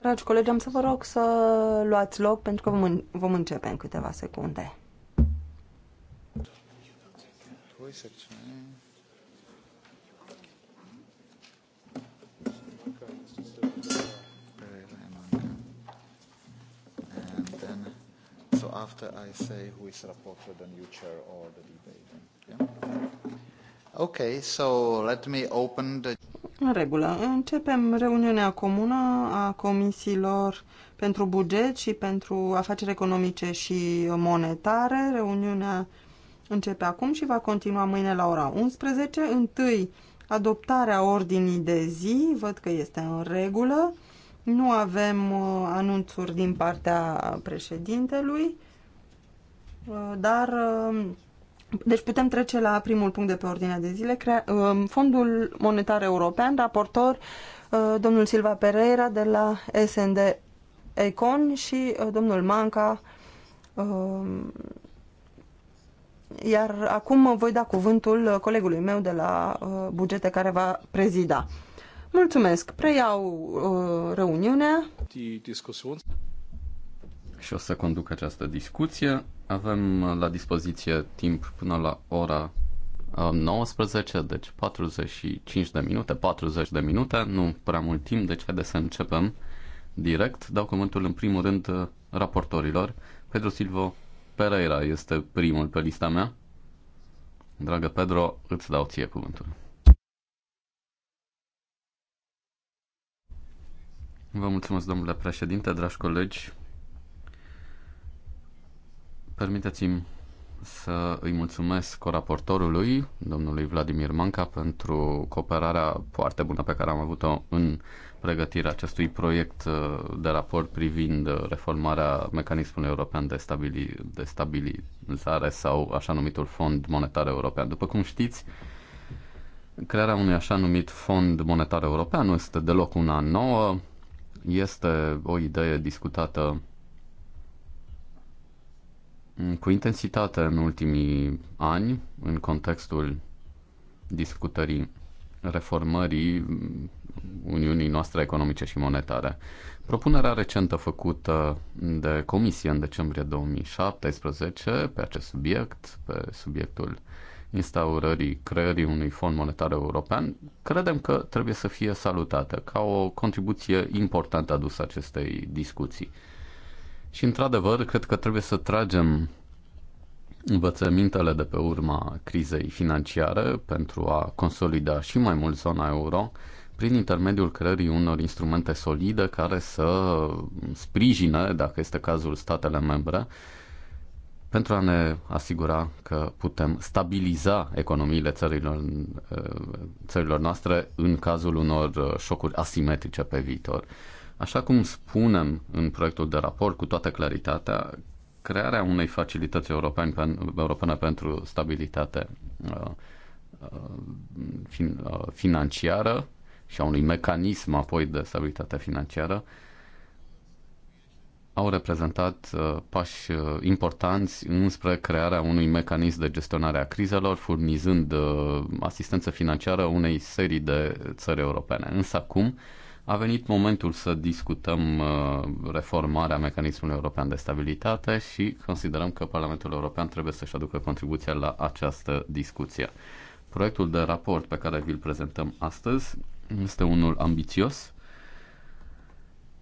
Dragi colegi, am să vă rog să luați loc pentru că vom, vom începe în câteva secunde. So after I say who is then you chair the debate. Yeah? Okay, so let me open the... În regulă. Începem reuniunea comună a comisiilor pentru buget și pentru afaceri economice și monetare. Reuniunea începe acum și va continua mâine la ora 11. Întâi, adoptarea ordinii de zi, văd că este în regulă. Nu avem uh, anunțuri din partea președintelui, uh, dar uh, deci putem trece la primul punct de pe ordinea de zile, crea, um, Fondul Monetar European, raportor uh, domnul Silva Pereira de la SND Econ și uh, domnul Manca. Um, iar acum voi da cuvântul colegului meu de la uh, bugete care va prezida. Mulțumesc! Preiau reuniunea. Și o să conduc această discuție. Avem uh, la dispoziție timp până la ora 19, uh, deci 45 de minute, 40 de minute, nu prea mult timp, deci haide să începem direct. Dau cuvântul în primul rând uh, raportorilor. Pedro Silvo Pereira este primul pe lista mea. Dragă Pedro, îți dau ție cuvântul. Vă mulțumesc, domnule președinte, dragi colegi. Permiteți-mi să îi mulțumesc coraportorului, domnului Vladimir Manca, pentru cooperarea foarte bună pe care am avut-o în pregătirea acestui proiect uh, de raport privind reformarea mecanismului european de, stabili- de stabilizare sau așa numitul Fond Monetar European. După cum știți, crearea unui așa numit Fond Monetar European nu este deloc una nouă, este o idee discutată cu intensitate în ultimii ani, în contextul discutării reformării Uniunii noastre economice și monetare. Propunerea recentă făcută de Comisie în decembrie 2017 pe acest subiect, pe subiectul instaurării creării unui fond monetar european, credem că trebuie să fie salutată ca o contribuție importantă adusă acestei discuții. Și, într-adevăr, cred că trebuie să tragem învățămintele de pe urma crizei financiare pentru a consolida și mai mult zona euro prin intermediul creării unor instrumente solide care să sprijine, dacă este cazul, statele membre pentru a ne asigura că putem stabiliza economiile țărilor, ă, țărilor noastre în cazul unor șocuri asimetrice pe viitor. Așa cum spunem în proiectul de raport cu toată claritatea, crearea unei facilități europene, europene pentru stabilitate uh, uh, uh, financiară și a unui mecanism apoi de stabilitate financiară au reprezentat pași importanți înspre crearea unui mecanism de gestionare a crizelor, furnizând asistență financiară unei serii de țări europene. Însă acum, a venit momentul să discutăm uh, reformarea mecanismului european de stabilitate și considerăm că Parlamentul European trebuie să-și aducă contribuția la această discuție. Proiectul de raport pe care vi-l prezentăm astăzi este unul ambițios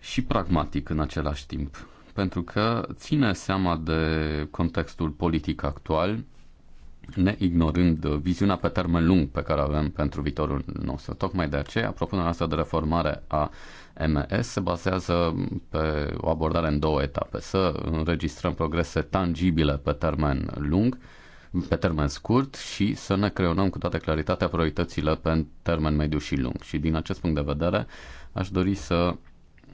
și pragmatic în același timp, pentru că ține seama de contextul politic actual, neignorând uh, viziunea pe termen lung pe care avem pentru viitorul nostru. Tocmai de aceea, propunerea asta de reformare a MS se bazează pe o abordare în două etape. Să înregistrăm progrese tangibile pe termen lung, pe termen scurt și să ne creionăm cu toată claritatea prioritățile pe termen mediu și lung. Și din acest punct de vedere, aș dori să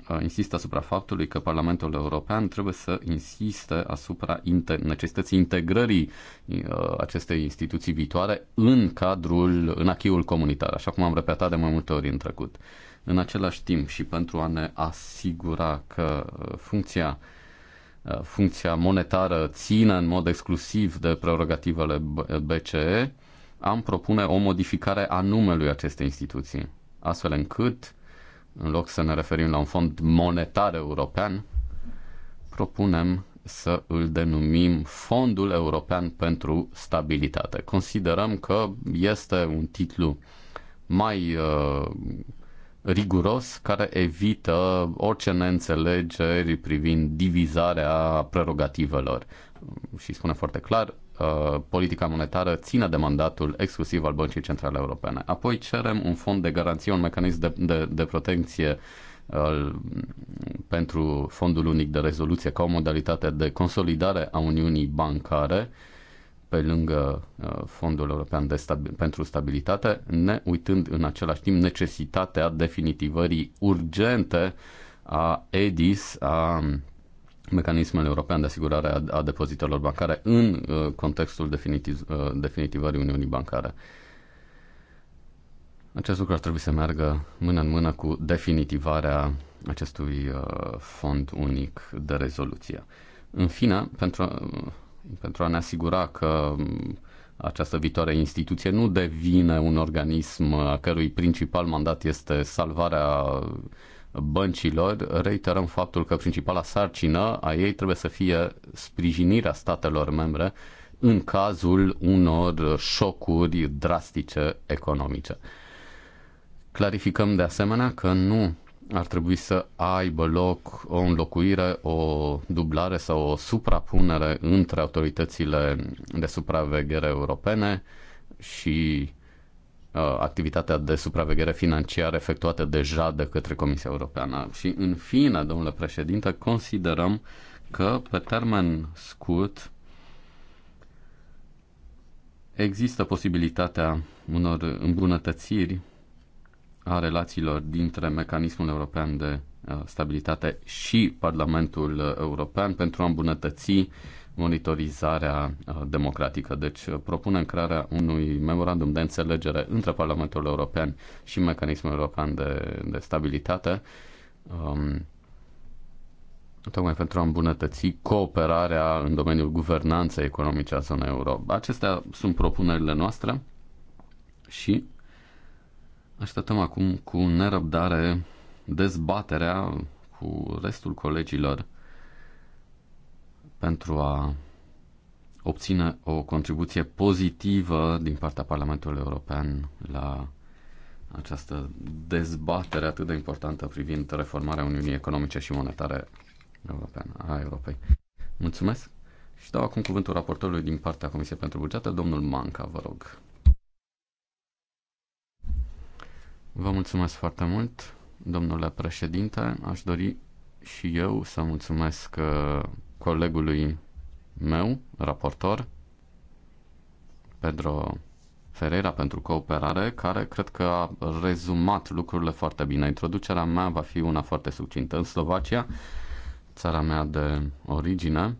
Uh, insist asupra faptului că Parlamentul European trebuie să insiste asupra necesității integrării uh, acestei instituții viitoare în cadrul, în achiul comunitar, așa cum am repetat de mai multe ori în trecut. În același timp și pentru a ne asigura că uh, funcția funcția monetară ține în mod exclusiv de prerogativele BCE, am propune o modificare a numelui acestei instituții, astfel încât în loc să ne referim la un fond monetar european, propunem să îl denumim Fondul European pentru Stabilitate. Considerăm că este un titlu mai uh, riguros care evită orice neînțelegeri privind divizarea prerogativelor și spune foarte clar uh, politica monetară ține de mandatul exclusiv al Băncii Centrale Europene. Apoi cerem un fond de garanție, un mecanism de, de, de protecție uh, pentru fondul unic de rezoluție ca o modalitate de consolidare a Uniunii Bancare pe lângă uh, Fondul European de Stabi- pentru Stabilitate, ne uitând în același timp necesitatea definitivării urgente a EDIS, a mecanismul european de asigurare a, a depozitelor bancare în uh, contextul definitiv, uh, definitivării Uniunii Bancare. Acest lucru ar trebui să meargă mână în mână cu definitivarea acestui uh, fond unic de rezoluție. În fine, pentru a, uh, pentru a ne asigura că um, această viitoare instituție nu devine un organism uh, a cărui principal mandat este salvarea băncilor, reiterăm faptul că principala sarcină a ei trebuie să fie sprijinirea statelor membre în cazul unor șocuri drastice economice. Clarificăm de asemenea că nu ar trebui să aibă loc o înlocuire, o dublare sau o suprapunere între autoritățile de supraveghere europene și Uh, activitatea de supraveghere financiară efectuată deja de către Comisia Europeană. Și în fine, domnule președinte, considerăm că pe termen scurt există posibilitatea unor îmbunătățiri a relațiilor dintre mecanismul european de uh, stabilitate și Parlamentul European pentru a îmbunătăți monitorizarea uh, democratică. Deci uh, propunem crearea unui memorandum de înțelegere între Parlamentul European și Mecanismul European de, de Stabilitate um, tocmai pentru a îmbunătăți cooperarea în domeniul guvernanței economice a zonei euro. Acestea sunt propunerile noastre și așteptăm acum cu nerăbdare dezbaterea cu restul colegilor pentru a obține o contribuție pozitivă din partea Parlamentului European la această dezbatere atât de importantă privind reformarea Uniunii Economice și Monetare Europeană a Europei. Mulțumesc și dau acum cuvântul raportorului din partea Comisiei pentru Bugete, domnul Manca, vă rog. Vă mulțumesc foarte mult, domnule președinte. Aș dori și eu să mulțumesc uh, colegului meu, raportor, Pedro Ferreira pentru cooperare, care cred că a rezumat lucrurile foarte bine. Introducerea mea va fi una foarte succintă. În Slovacia, țara mea de origine,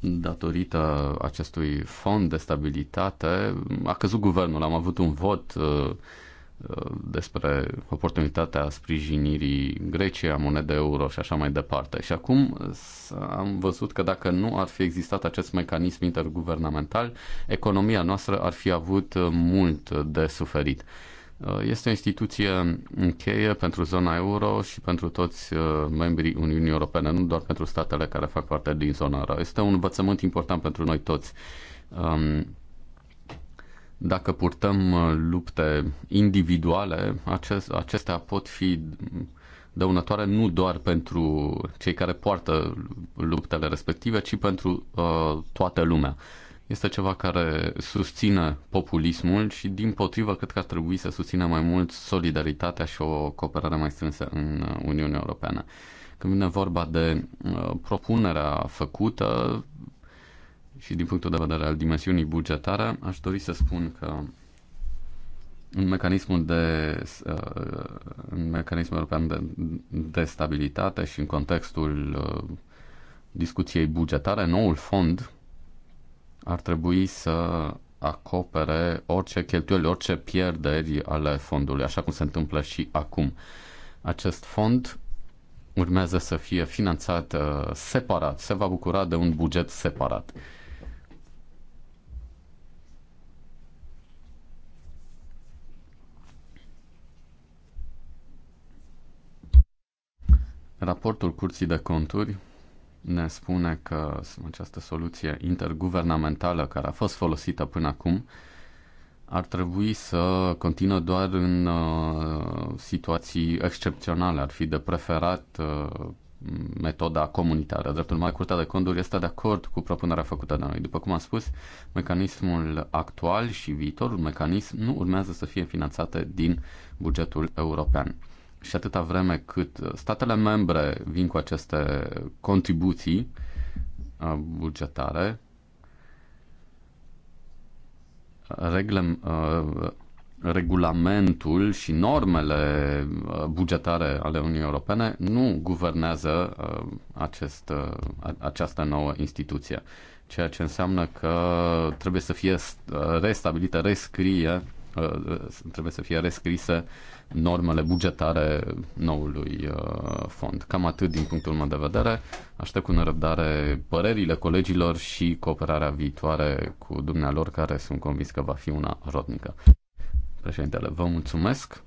datorită acestui fond de stabilitate, a căzut guvernul. Am avut un vot uh, despre oportunitatea sprijinirii Greciei, a monedei euro și așa mai departe. Și acum am văzut că dacă nu ar fi existat acest mecanism interguvernamental, economia noastră ar fi avut mult de suferit. Este o instituție cheie pentru zona euro și pentru toți uh, membrii Uniunii Europene, nu doar pentru statele care fac parte din zona euro. Este un învățământ important pentru noi toți. Um, dacă purtăm uh, lupte individuale, acest, acestea pot fi dăunătoare nu doar pentru cei care poartă luptele respective, ci pentru uh, toată lumea. Este ceva care susține populismul și, din potrivă, cred că ar trebui să susțină mai mult solidaritatea și o cooperare mai strânsă în uh, Uniunea Europeană. Când vine vorba de uh, propunerea făcută, și din punctul de vedere al dimensiunii bugetare, aș dori să spun că în mecanismul de uh, în mecanismul european de, de stabilitate și în contextul uh, discuției bugetare, noul fond ar trebui să acopere orice cheltuieli, orice pierderi ale fondului, așa cum se întâmplă și acum. Acest fond urmează să fie finanțat uh, separat, se va bucura de un buget separat. Raportul Curții de Conturi ne spune că această soluție interguvernamentală care a fost folosită până acum ar trebui să continuă doar în uh, situații excepționale. Ar fi de preferat uh, metoda comunitară. Dreptul mai Curtea de conduri este de acord cu propunerea făcută de noi. După cum am spus, mecanismul actual și viitorul mecanism nu urmează să fie finanțate din bugetul european. Și atâta vreme cât uh, statele membre vin cu aceste contribuții uh, bugetare, uh, regulamentul și normele bugetare ale Uniunii Europene nu guvernează acest, această nouă instituție, ceea ce înseamnă că trebuie să fie restabilită, rescrie Uh, trebuie să fie rescrise normele bugetare noului uh, fond. Cam atât din punctul meu de vedere. Aștept cu nerăbdare părerile colegilor și cooperarea viitoare cu dumnealor, care sunt convins că va fi una rodnică. Președintele, vă mulțumesc.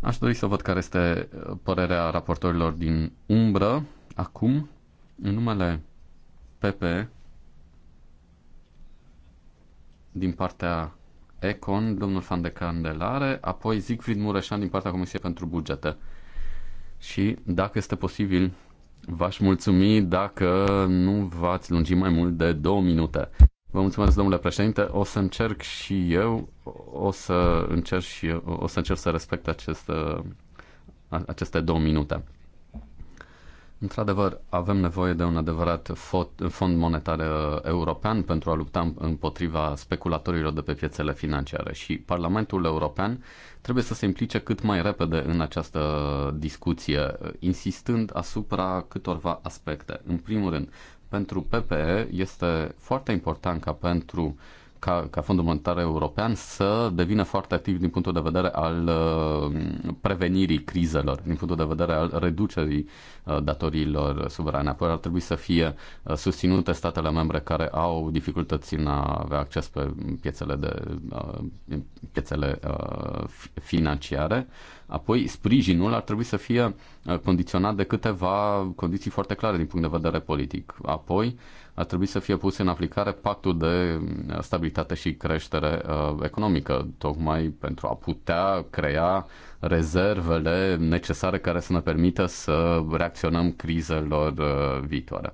Aș dori să văd care este părerea raportorilor din umbră acum, în numele PP, din partea Econ, domnul Fan de Candelare, apoi Siegfried Mureșan din partea Comisiei pentru Bugete. Și dacă este posibil, v-aș mulțumi dacă nu v-ați lungi mai mult de două minute. Vă mulțumesc, domnule președinte. O să încerc și eu, o să încerc și eu, o să încerc să respect aceste, aceste două minute. Într-adevăr, avem nevoie de un adevărat fond monetar uh, european pentru a lupta împotriva speculatorilor de pe piețele financiare și Parlamentul European trebuie să se implice cât mai repede în această discuție, uh, insistând asupra câtorva aspecte. În primul rând, pentru PPE este foarte important ca pentru uh, ca, ca Fondul Monetar European să devină foarte activ din punctul de vedere al uh, prevenirii crizelor, din punctul de vedere al reducerii uh, datoriilor suverane. Apoi ar trebui să fie uh, susținute statele membre care au dificultăți în a avea acces pe piețele, de, piețele financiare. Apoi, sprijinul ar trebui să fie condiționat de câteva condiții foarte clare din punct de vedere politic. Apoi, uh, ar trebui să fie pus în aplicare pactul de uh, stabilitate și creștere uh, economică, tocmai pentru a putea crea rezervele necesare care să ne permită să reacționăm crizelor uh, viitoare.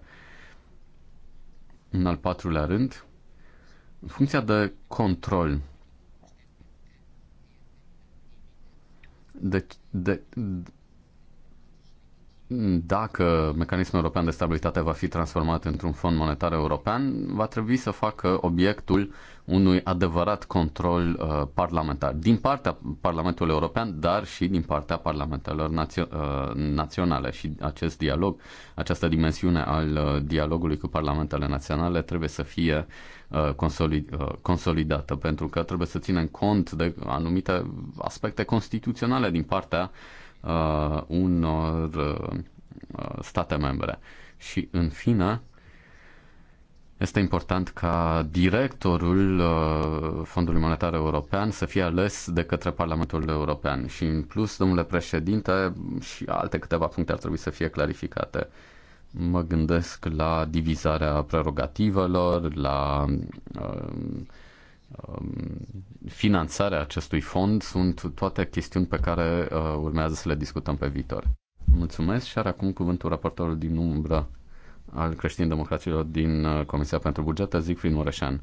În al patrulea rând, funcția de control de, de, dacă mecanismul european de stabilitate va fi transformat într-un fond monetar european, va trebui să facă obiectul unui adevărat control uh, parlamentar din partea Parlamentului European, dar și din partea parlamentelor națio- uh, naționale. Și acest dialog, această dimensiune al uh, dialogului cu parlamentele naționale trebuie să fie uh, consolid- uh, consolidată, pentru că trebuie să ținem cont de anumite aspecte constituționale din partea uh, uh, unor uh, state membre. Și în fine, este important ca directorul uh, Fondului Monetar European să fie ales de către Parlamentul European și în plus, domnule președinte, și alte câteva puncte ar trebui să fie clarificate. Mă gândesc la divizarea prerogativelor, la uh, Um, finanțarea acestui fond sunt toate chestiuni pe care uh, urmează să le discutăm pe viitor. Mulțumesc și are acum cuvântul raportorul din umbră al creștin-democraților din uh, Comisia pentru Bugete, Zicfrin Mureșan.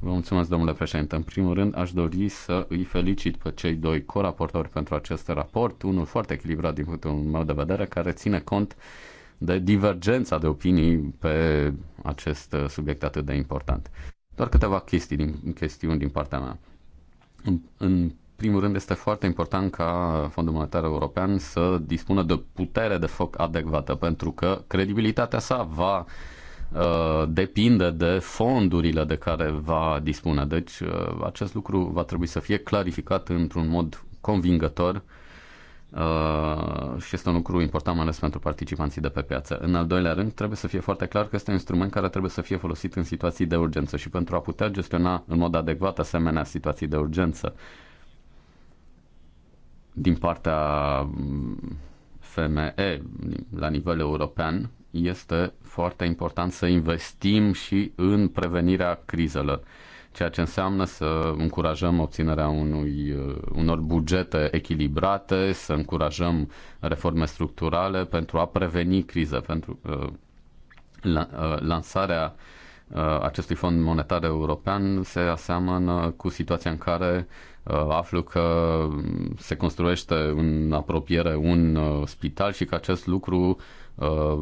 Vă mulțumesc, domnule președinte. În primul rând, aș dori să îi felicit pe cei doi coraportori pentru acest raport, unul foarte echilibrat din punctul meu de vedere, care ține cont de divergența de opinii pe acest uh, subiect atât de important. Doar câteva chestii din, chestiuni din partea mea. În, în primul rând, este foarte important ca Fondul Monetar European să dispună de putere de foc adecvată, pentru că credibilitatea sa va uh, depinde de fondurile de care va dispune. Deci uh, acest lucru va trebui să fie clarificat într-un mod convingător Uh, și este un lucru important, mai ales pentru participanții de pe piață. În al doilea rând, trebuie să fie foarte clar că este un instrument care trebuie să fie folosit în situații de urgență și pentru a putea gestiona în mod adecvat asemenea situații de urgență din partea mm, FME la nivel european, este foarte important să investim și în prevenirea crizelor ceea ce înseamnă să încurajăm obținerea unui, uh, unor bugete echilibrate, să încurajăm reforme structurale pentru a preveni criza, pentru uh, uh, lansarea Uh, acestui fond monetar european se aseamănă cu situația în care uh, aflu că se construiește în apropiere un uh, spital și că acest lucru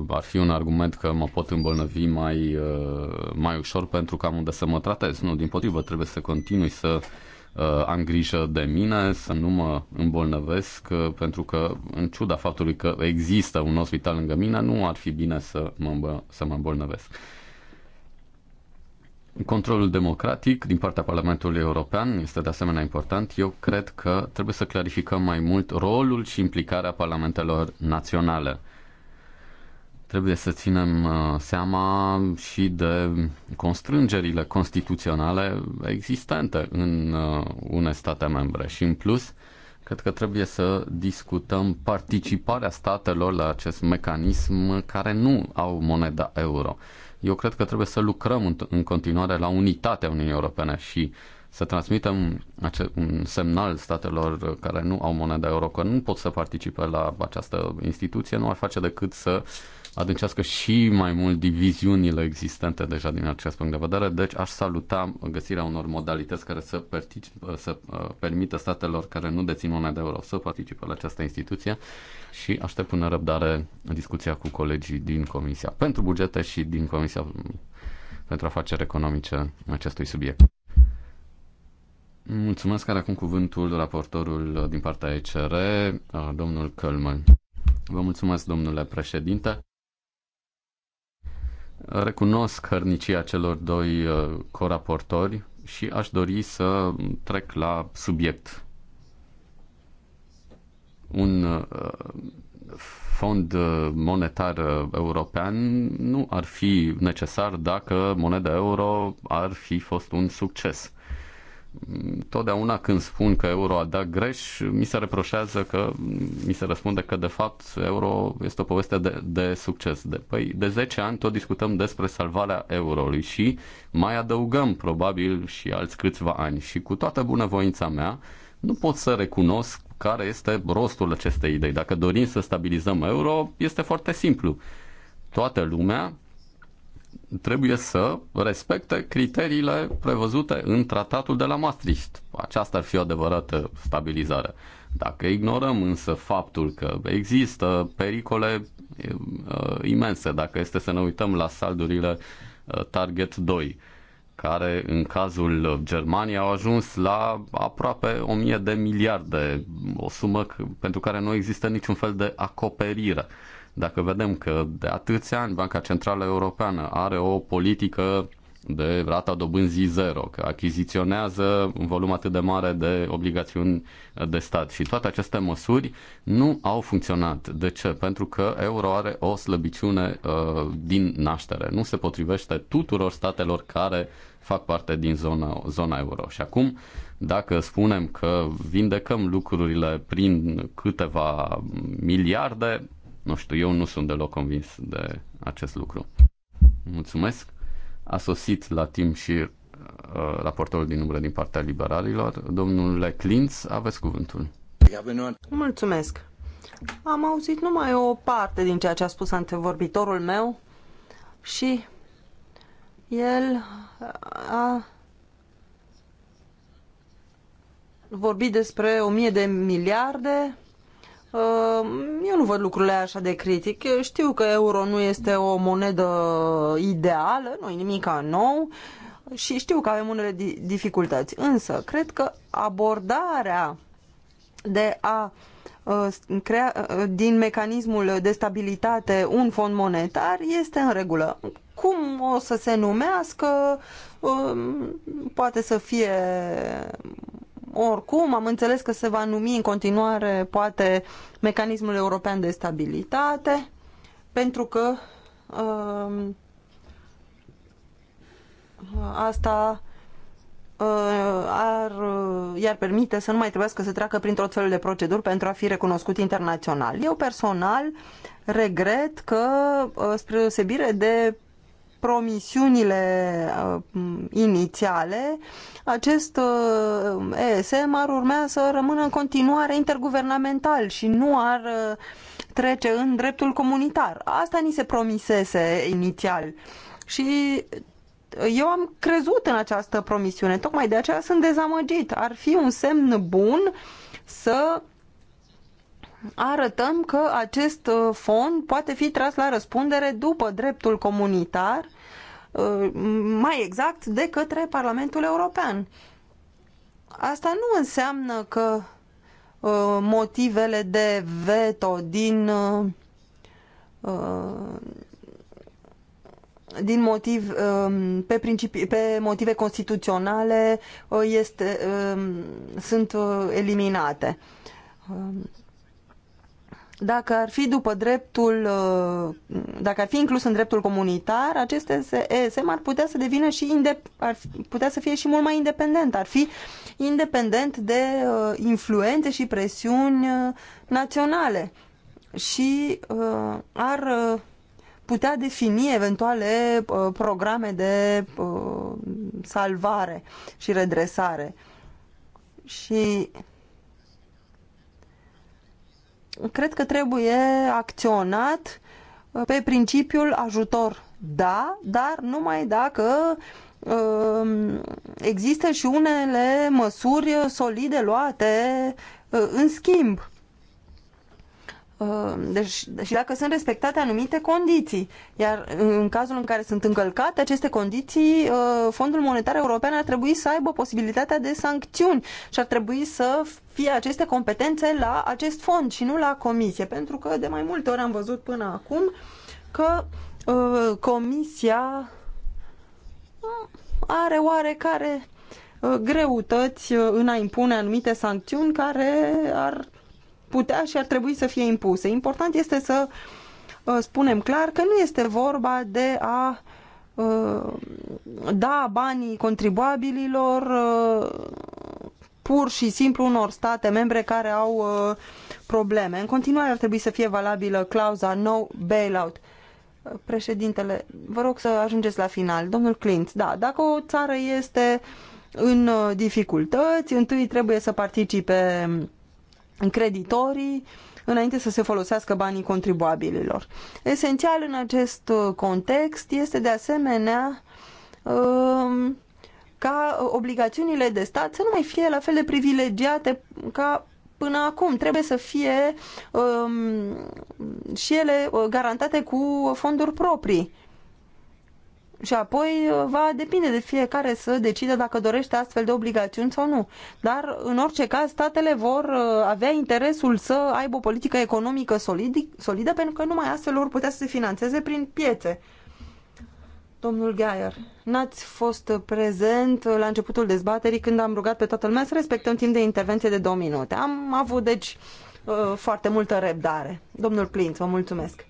ar fi un argument că mă pot îmbolnăvi mai, mai ușor pentru că am unde să mă tratez. Nu, din potrivă, trebuie să continui să am grijă de mine, să nu mă îmbolnăvesc, pentru că, în ciuda faptului că există un spital lângă mine, nu ar fi bine să mă, să mă îmbolnăvesc. Controlul democratic din partea Parlamentului European este de asemenea important. Eu cred că trebuie să clarificăm mai mult rolul și implicarea parlamentelor naționale. Trebuie să ținem uh, seama și de constrângerile constituționale existente în uh, une state membre și în plus cred că trebuie să discutăm participarea statelor la acest mecanism care nu au moneda euro. Eu cred că trebuie să lucrăm în continuare la unitatea Uniunii Europene și să transmitem un semnal statelor care nu au moneda euro că nu pot să participe la această instituție, nu ar face decât să uh, adâncească și mai mult diviziunile existente deja din acest punct de vedere, deci aș saluta găsirea unor modalități care să, să uh, permită statelor care nu dețin moneda de euro să participe la această instituție și aștept cu nerăbdare discuția cu colegii din Comisia pentru bugete și din Comisia pentru afaceri economice în acestui subiect. Mulțumesc, are acum cuvântul raportorul din partea ECR, uh, domnul Kölmann. Vă mulțumesc, domnule președinte. Recunosc hărnicia celor doi uh, coraportori și aș dori să trec la subiect. Un uh, fond uh, monetar european nu ar fi necesar dacă moneda euro ar fi fost un succes totdeauna când spun că euro a dat greș, mi se reproșează că mi se răspunde că de fapt euro este o poveste de, de succes. De, păi, de 10 ani tot discutăm despre salvarea euroului și mai adăugăm probabil și alți câțiva ani și cu toată bunăvoința mea nu pot să recunosc care este rostul acestei idei. Dacă dorim să stabilizăm euro, este foarte simplu. Toată lumea trebuie să respecte criteriile prevăzute în tratatul de la Maastricht. Aceasta ar fi o adevărată stabilizare. Dacă ignorăm însă faptul că există pericole uh, imense, dacă este să ne uităm la saldurile uh, Target 2, care în cazul Germaniei au ajuns la aproape 1000 de miliarde, o sumă pentru care nu există niciun fel de acoperire. Dacă vedem că de atâția ani Banca Centrală Europeană are o politică de rata dobânzii zero, că achiziționează un volum atât de mare de obligațiuni de stat și toate aceste măsuri nu au funcționat. De ce? Pentru că euro are o slăbiciune uh, din naștere. Nu se potrivește tuturor statelor care fac parte din zona, zona euro. Și acum, dacă spunem că vindecăm lucrurile prin câteva miliarde, nu știu, eu nu sunt deloc convins de acest lucru. Mulțumesc. A sosit la timp și uh, raportorul din umbră din partea liberalilor. domnul Clinț, aveți cuvântul. Mulțumesc. Am auzit numai o parte din ceea ce a spus antevorbitorul meu și el uh, a vorbit despre o mie de miliarde Uh, eu nu văd lucrurile așa de critic. Eu știu că euro nu este o monedă ideală, nu e nimica nou și știu că avem unele dificultăți. Însă, cred că abordarea de a uh, crea uh, din mecanismul de stabilitate un fond monetar este în regulă. Cum o să se numească, um, poate să fie oricum, am înțeles că se va numi în continuare, poate, mecanismul european de stabilitate, pentru că uh, asta uh, ar, uh, i-ar permite să nu mai trebuiască să treacă prin tot felul de proceduri pentru a fi recunoscut internațional. Eu personal regret că, uh, spre deosebire de promisiunile uh, inițiale, acest uh, ESM ar urmea să rămână în continuare interguvernamental și nu ar uh, trece în dreptul comunitar. Asta ni se promisese inițial. Și eu am crezut în această promisiune, tocmai de aceea sunt dezamăgit. Ar fi un semn bun să arătăm că acest uh, fond poate fi tras la răspundere după dreptul comunitar, uh, mai exact de către Parlamentul European. Asta nu înseamnă că uh, motivele de veto din din motiv um, pe, principi, pe motive constituționale este, um, sunt eliminate. Um, dacă ar fi după dreptul, uh, dacă ar fi inclus în dreptul comunitar, aceste ESM ar putea să devină și ar putea să fie și mult mai independent, ar fi independent de uh, influențe și presiuni uh, naționale și ar putea defini eventuale programe de salvare și redresare. Și cred că trebuie acționat uh, pe principiul ajutor, da, dar numai dacă uh, există și unele măsuri solide luate uh, în schimb. Uh, deci, și dacă sunt respectate anumite condiții. Iar în cazul în care sunt încălcate aceste condiții, uh, Fondul Monetar European ar trebui să aibă posibilitatea de sancțiuni și ar trebui să fie aceste competențe la acest fond și nu la comisie. Pentru că de mai multe ori am văzut până acum că uh, comisia are oarecare greutăți în a impune anumite sancțiuni care ar putea și ar trebui să fie impuse. Important este să uh, spunem clar că nu este vorba de a uh, da banii contribuabililor uh, pur și simplu unor state membre care au probleme. În continuare ar trebui să fie valabilă clauza no bailout. Președintele, vă rog să ajungeți la final. Domnul Clint, da, dacă o țară este în dificultăți, întâi trebuie să participe creditorii înainte să se folosească banii contribuabililor. Esențial în acest uh, context este de asemenea um, ca obligațiunile de stat să nu mai fie la fel de privilegiate ca până acum. Trebuie să fie um, și ele uh, garantate cu fonduri proprii. Și apoi uh, va depinde de fiecare să decide dacă dorește astfel de obligațiuni sau nu. Dar, în orice caz, statele vor uh, avea interesul să aibă o politică economică solid, solidă, pentru că numai astfel vor putea să se financeze prin piețe. Domnul Gaier, n-ați fost prezent la începutul dezbaterii când am rugat pe toată lumea să respectăm un timp de intervenție de două minute. Am avut, deci, uh, foarte multă răbdare. Domnul Plinț, vă mulțumesc.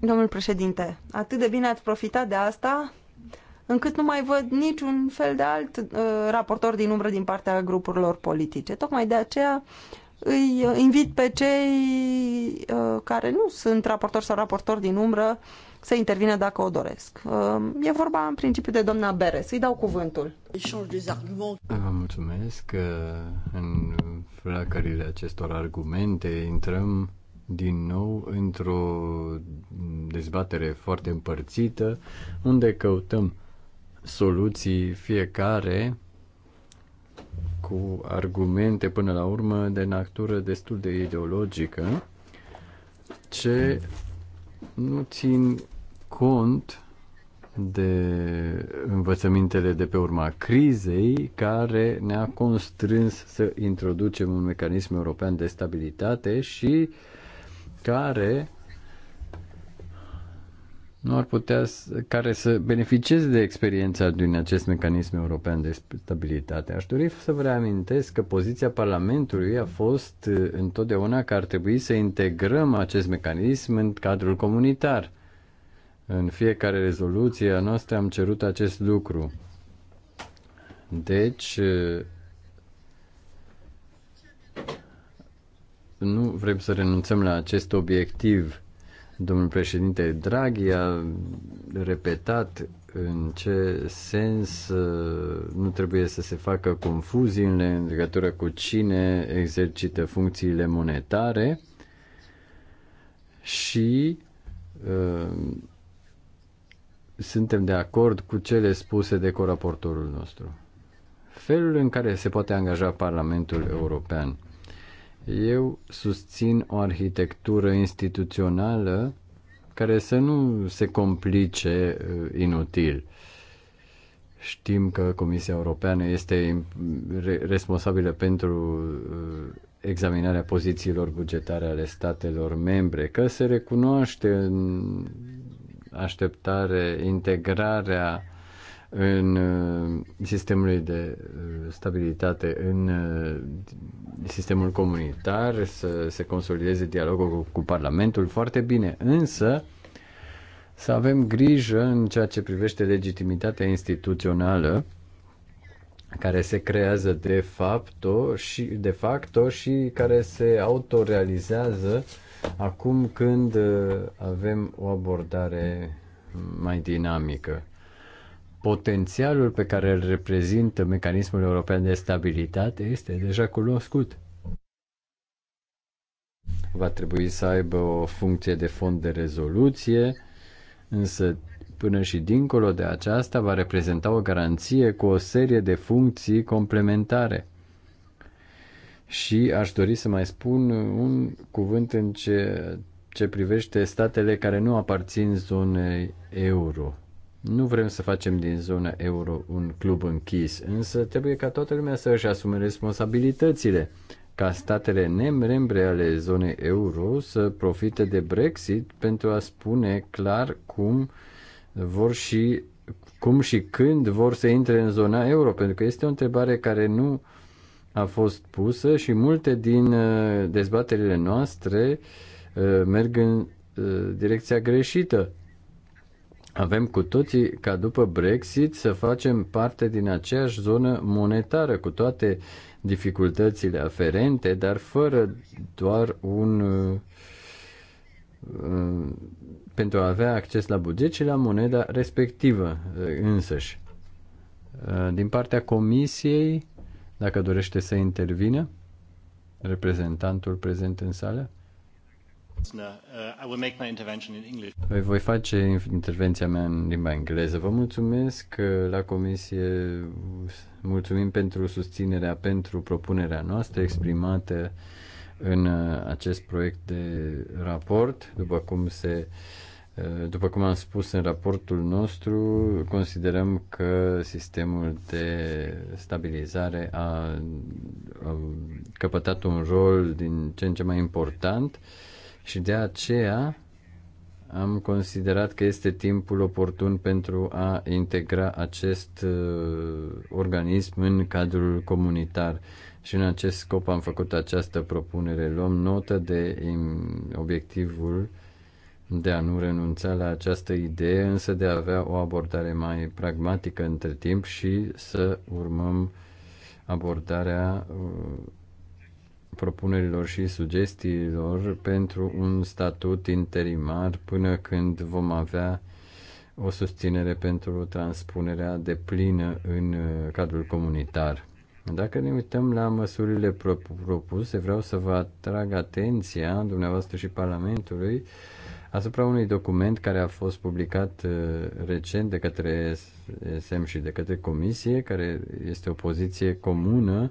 Domnul președinte, atât de bine ați profitat de asta încât nu mai văd niciun fel de alt uh, raportor din umbră din partea grupurilor politice. Tocmai de aceea îi uh, invit pe cei uh, care nu sunt raportori sau raportori din umbră să intervină dacă o doresc. Uh, e vorba în principiu de doamna Beres. i dau cuvântul. Vă mulțumesc că uh, în flacările acestor argumente intrăm din nou într-o dezbatere foarte împărțită, unde căutăm soluții fiecare cu argumente până la urmă de natură destul de ideologică, ce nu țin cont de învățămintele de pe urma crizei care ne-a constrâns să introducem un mecanism european de stabilitate și uh, care nu ar putea să, care să beneficieze de experiența din acest mecanism european de stabilitate. Aș dori să vă reamintesc că poziția Parlamentului a fost uh, întotdeauna că ar trebui să integrăm acest mecanism în cadrul comunitar. În fiecare rezoluție a noastră am cerut acest lucru. Deci, uh, nu vrem să renunțăm la acest obiectiv. Domnul președinte Draghi a repetat în ce sens uh, nu trebuie să se facă confuziile în legătură cu cine exercită funcțiile monetare și uh, suntem de acord cu cele spuse de coraportorul nostru. Felul în care se poate angaja Parlamentul European eu susțin o arhitectură instituțională care să nu se complice uh, inutil. Știm că Comisia Europeană este responsabilă pentru uh, examinarea pozițiilor bugetare ale statelor membre, că se recunoaște în așteptare integrarea în uh, sistemul de uh, stabilitate, în uh, sistemul comunitar, să se consolideze dialogul cu, cu Parlamentul foarte bine, însă să avem grijă în ceea ce privește legitimitatea instituțională care se creează de facto și, de facto și care se autorealizează acum când avem o abordare mai dinamică potențialul pe care îl reprezintă mecanismul european de stabilitate este deja cunoscut. Va trebui să aibă o funcție de fond de rezoluție, însă până și dincolo de aceasta va reprezenta o garanție cu o serie de funcții complementare. Și aș dori să mai spun un cuvânt în ce, ce privește statele care nu aparțin zonei euro nu vrem să facem din zona euro un club închis, însă trebuie ca toată lumea să își asume responsabilitățile, ca statele nemrembre ale zonei euro să profite de Brexit pentru a spune clar cum vor și cum și când vor să intre în zona euro, pentru că este o întrebare care nu a fost pusă și multe din uh, dezbaterile noastre uh, merg în uh, direcția greșită avem cu toții ca după Brexit să facem parte din aceeași zonă monetară cu toate dificultățile aferente, dar fără doar un uh, pentru a avea acces la buget și la moneda respectivă uh, însăși. Uh, din partea comisiei, dacă dorește să intervină, reprezentantul prezent în sală. Voi, uh, păi voi face intervenția mea în limba engleză. Vă mulțumesc uh, la comisie, mulțumim pentru susținerea, pentru propunerea noastră exprimată în uh, acest proiect de raport. După cum se după cum am spus în raportul nostru, considerăm că sistemul de stabilizare a, a căpătat un rol din ce în ce mai important și de aceea am considerat că este timpul oportun pentru a integra acest uh, organism în cadrul comunitar. Și în acest scop am făcut această propunere. Luăm notă de obiectivul de a nu renunța la această idee, însă de a avea o abordare mai pragmatică între timp și să urmăm abordarea uh, propunerilor și sugestiilor pentru un statut interimar până când vom avea o susținere pentru transpunerea de plină în uh, cadrul comunitar. Dacă ne uităm la măsurile propuse, vreau să vă atrag atenția dumneavoastră și Parlamentului asupra unui document care a fost publicat uh, recent de către SM și de către Comisie, care este o poziție comună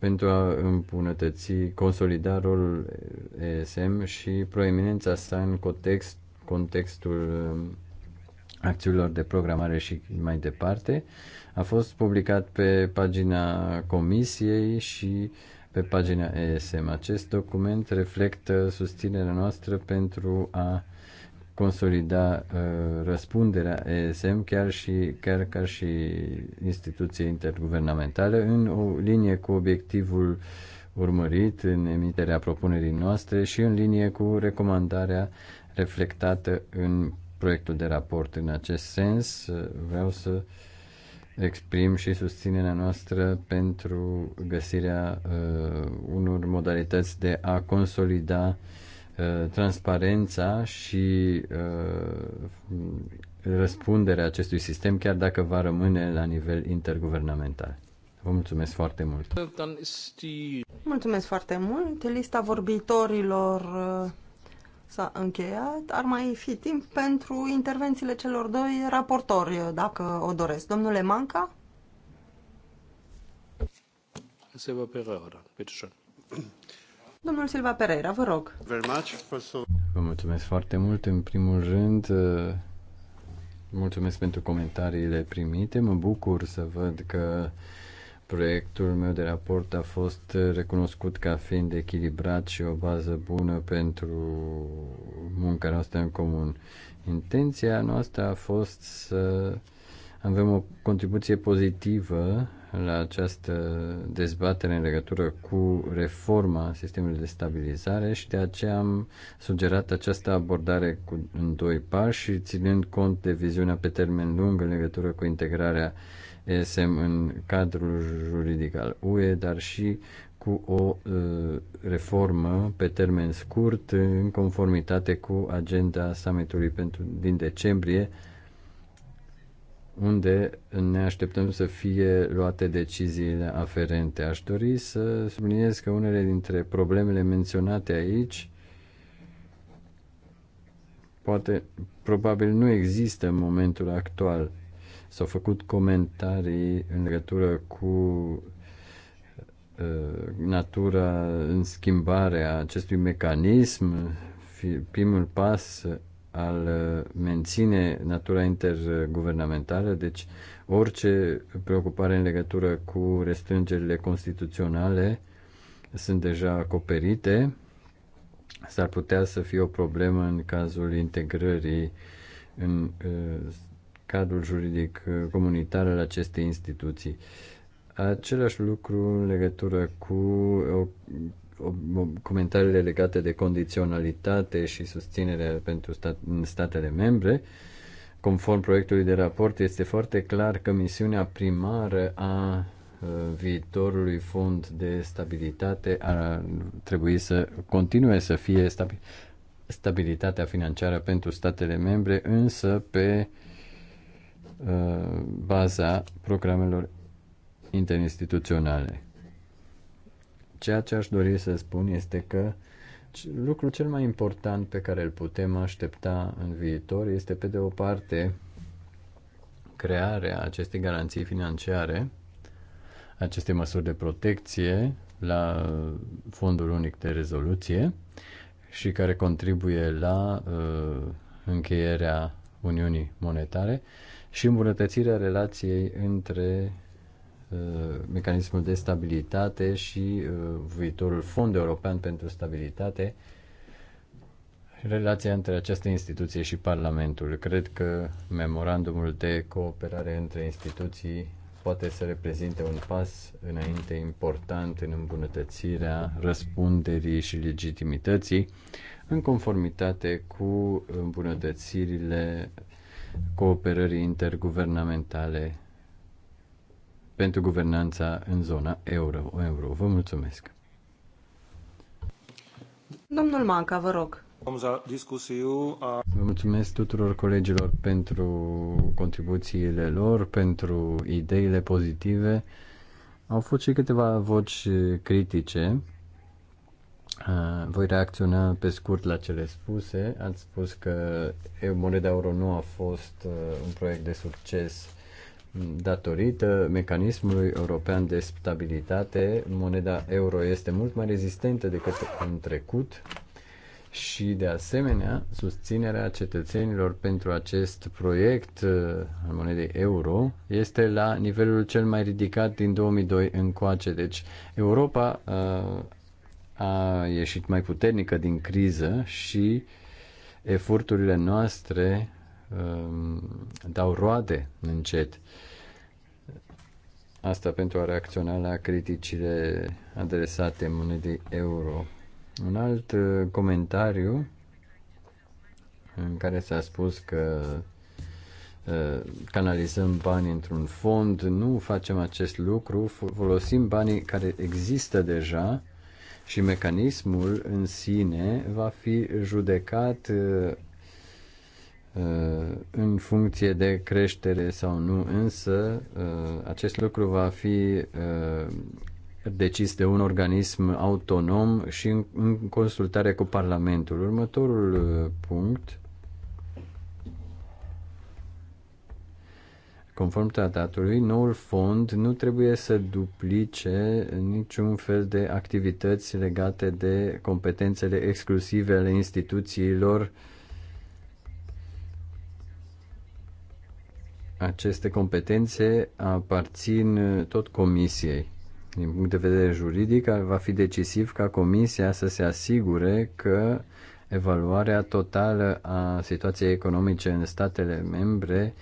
pentru a îmbunătăți, consolida rolul ESM și proeminența sa în context, contextul um, acțiunilor de programare și mai departe. A fost publicat pe pagina Comisiei și pe pagina ESM. Acest document reflectă susținerea noastră pentru a consolida uh, răspunderea ESM chiar și chiar ca și instituție interguvernamentală în o linie cu obiectivul urmărit în emiterea propunerii noastre și în linie cu recomandarea reflectată în proiectul de raport. În acest sens, uh, vreau să exprim și susținerea noastră pentru găsirea uh, unor modalități de a consolida uh, Uh, transparența și uh, răspunderea acestui sistem, chiar dacă va rămâne la nivel interguvernamental. Vă mulțumesc foarte mult! Mulțumesc foarte mult! Lista vorbitorilor uh, s-a încheiat. Ar mai fi timp pentru intervențiile celor doi raportori, dacă o doresc. Domnule Manca? Se va pe Domnul Silva Pereira, vă rog. Vă mulțumesc foarte mult. În primul rând, uh, mulțumesc pentru comentariile primite. Mă bucur să văd că proiectul meu de raport a fost recunoscut ca fiind echilibrat și o bază bună pentru munca noastră în comun. Intenția noastră a fost să avem o contribuție pozitivă la această dezbatere în legătură cu reforma sistemului de stabilizare și de aceea am sugerat această abordare cu, în doi pași și ținând cont de viziunea pe termen lung în legătură cu integrarea ESM în cadrul juridic al UE, dar și cu o uh, reformă pe termen scurt în conformitate cu agenda summitului pentru, din decembrie uh, unde ne așteptăm să fie luate deciziile aferente. Aș dori să subliniez că unele dintre problemele menționate aici poate, probabil nu există în momentul actual. S-au făcut comentarii în legătură cu uh, natura în schimbare a acestui mecanism. Primul pas al uh, menține natura interguvernamentală, deci orice preocupare în legătură cu restrângerile constituționale sunt deja acoperite. S-ar putea să fie o problemă în cazul integrării în uh, cadrul juridic uh, comunitar al acestei instituții. Același lucru în legătură cu o comentariile legate de condiționalitate și susținere pentru stat, statele membre. Conform proiectului de raport, este foarte clar că misiunea primară a uh, viitorului fond de stabilitate ar trebui să continue să fie stabilitatea financiară pentru statele membre, însă pe uh, baza programelor interinstituționale. Ceea ce aș dori să spun este că lucrul cel mai important pe care îl putem aștepta în viitor este, pe de o parte, crearea acestei garanții financiare, aceste măsuri de protecție la Fondul Unic de Rezoluție și care contribuie la uh, încheierea Uniunii Monetare și îmbunătățirea relației între Uh, mecanismul de stabilitate și uh, viitorul Fond European pentru Stabilitate, relația între această instituție și Parlamentul. Cred că memorandumul de cooperare între instituții poate să reprezinte un pas înainte important în îmbunătățirea răspunderii și legitimității în conformitate cu îmbunătățirile cooperării interguvernamentale pentru guvernanța în zona euro. euro. Vă mulțumesc! Domnul Manca, vă rog. Vă mulțumesc tuturor colegilor pentru contribuțiile lor, pentru ideile pozitive. Au fost și câteva voci critice. Voi reacționa pe scurt la cele spuse. Ați spus că moneda euro nu a fost un proiect de succes Datorită mecanismului european de stabilitate, moneda euro este mult mai rezistentă decât în trecut și, de asemenea, susținerea cetățenilor pentru acest proiect uh, al monedei euro este la nivelul cel mai ridicat din 2002 încoace. Deci, Europa uh, a ieșit mai puternică din criză și eforturile noastre Ehm, dau roade încet. Asta pentru a reacționa la criticile adresate monedei euro. Un alt uh, comentariu în care s-a spus că uh, canalizăm bani într-un fond, nu facem acest lucru, folosim banii care există deja și mecanismul în sine va fi judecat uh, Uh, în funcție de creștere sau nu, însă uh, acest lucru va fi uh, decis de un organism autonom și în, consultare cu Parlamentul. Următorul punct, conform tratatului, noul fond nu trebuie să duplice niciun fel de activități legate de competențele exclusive ale instituțiilor uh, aceste competențe aparțin tot comisiei. Din punct de vedere juridic, va fi decisiv ca comisia să se asigure că evaluarea totală a situației economice în statele membre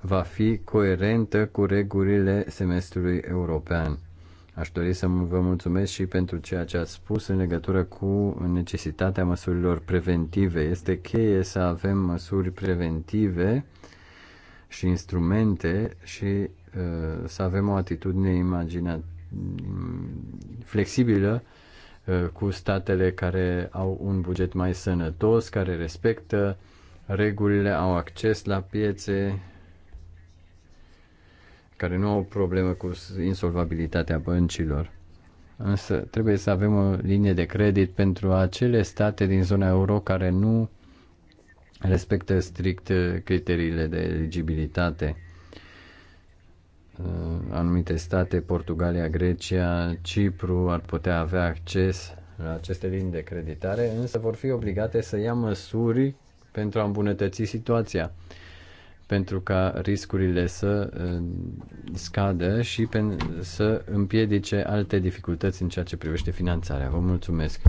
va fi coerentă cu regulile semestrului european. Aș dori să vă mulțumesc și pentru ceea ce ați spus în legătură cu necesitatea măsurilor preventive. Este cheie să avem măsuri preventive și instrumente și uh, să avem o atitudine imagina, flexibilă uh, cu statele care au un buget mai sănătos, care respectă regulile, au acces la piețe, care nu au problemă cu insolvabilitatea băncilor. Însă trebuie să avem o linie de credit pentru acele state din zona euro care nu respectă strict uh, criteriile de eligibilitate. Uh, anumite state, Portugalia, Grecia, Cipru ar putea avea acces la aceste linii de creditare, însă vor fi obligate să ia măsuri pentru a îmbunătăți situația pentru ca riscurile să uh, scadă și să împiedice alte dificultăți în ceea ce privește finanțarea. Vă mulțumesc!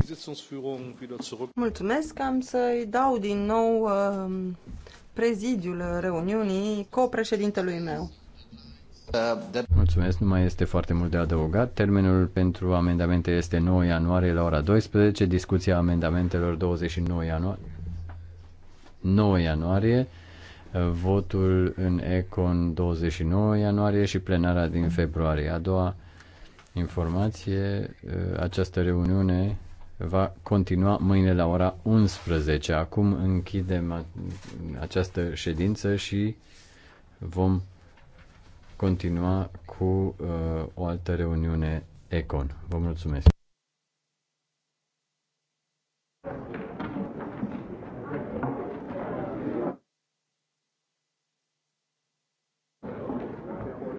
Mulțumesc! Am să-i dau din nou um, prezidiul reuniunii co-președintelui meu. Mulțumesc, nu mai este foarte mult de adăugat. Termenul pentru amendamente este 9 ianuarie la ora 12, discuția amendamentelor 29 ianuarie. 9 ianuarie votul în Econ 29 ianuarie și plenara din februarie. A doua informație, uh, această reuniune va continua mâine la ora 11. Acum închidem această ședință și vom continua cu uh, o altă reuniune Econ. Vă mulțumesc!